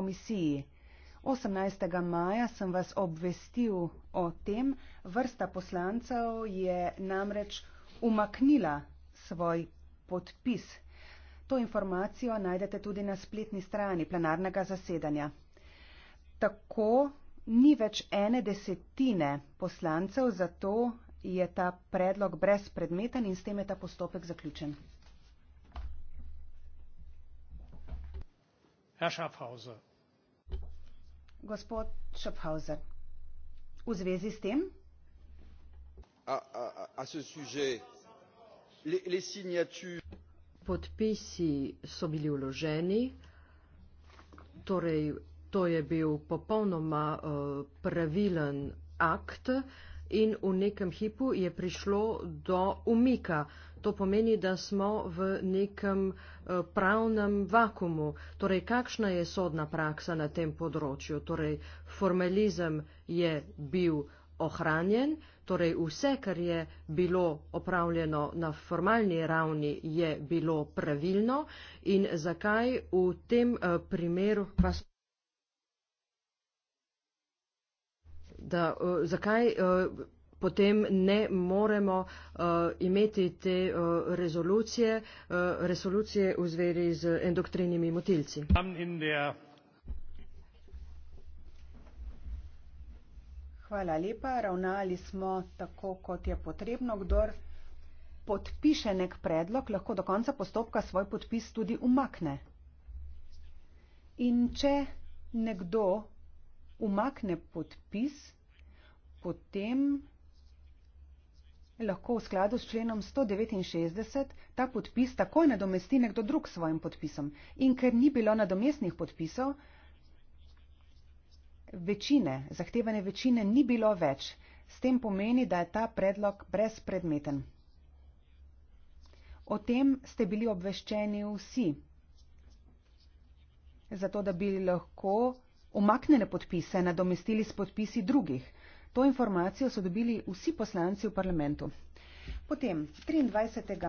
komisiji. 18. maja sem vas obvestil o tem, vrsta poslancev je namreč umaknila svoj podpis. To informacijo najdete tudi na spletni strani plenarnega zasedanja. Tako ni več ene desetine poslancev, zato je ta predlog brezpredmeten in s tem je ta postopek zaključen. Herr Schaffhauser, gospod Schaffhauser. V zvezi s tem? A, a, a se suže, le, le signature... Podpisi so bili vloženi, torej to je bil popolnoma uh, pravilen akt. Uh, in v nekem hipu je prišlo do umika. To pomeni, da smo v nekem eh, pravnem vakumu. Torej, kakšna je sodna praksa na tem področju? Torej, formalizem je bil ohranjen, torej vse, kar je bilo opravljeno na formalni ravni, je bilo pravilno in zakaj v tem eh, primeru vas. da uh, zakaj uh, potem ne moremo uh, imeti te uh, rezolucije, uh, rezolucije v zveri z endoktrinimi motilci. Hvala lepa. Ravnali smo tako, kot je potrebno. Kdor podpiše nek predlog, lahko do konca postopka svoj podpis tudi umakne. In če nekdo umakne podpis, potem lahko v skladu s členom 169 ta podpis takoj nadomesti nekdo drug s svojim podpisom. In ker ni bilo nadomestnih podpisov, večine, zahtevane večine ni bilo več. S tem pomeni, da je ta predlog brezpredmeten. O tem ste bili obveščeni vsi, zato da bi lahko umaknjene podpise nadomestili s podpisi drugih. To informacijo so dobili vsi poslanci v parlamentu. Potem 23.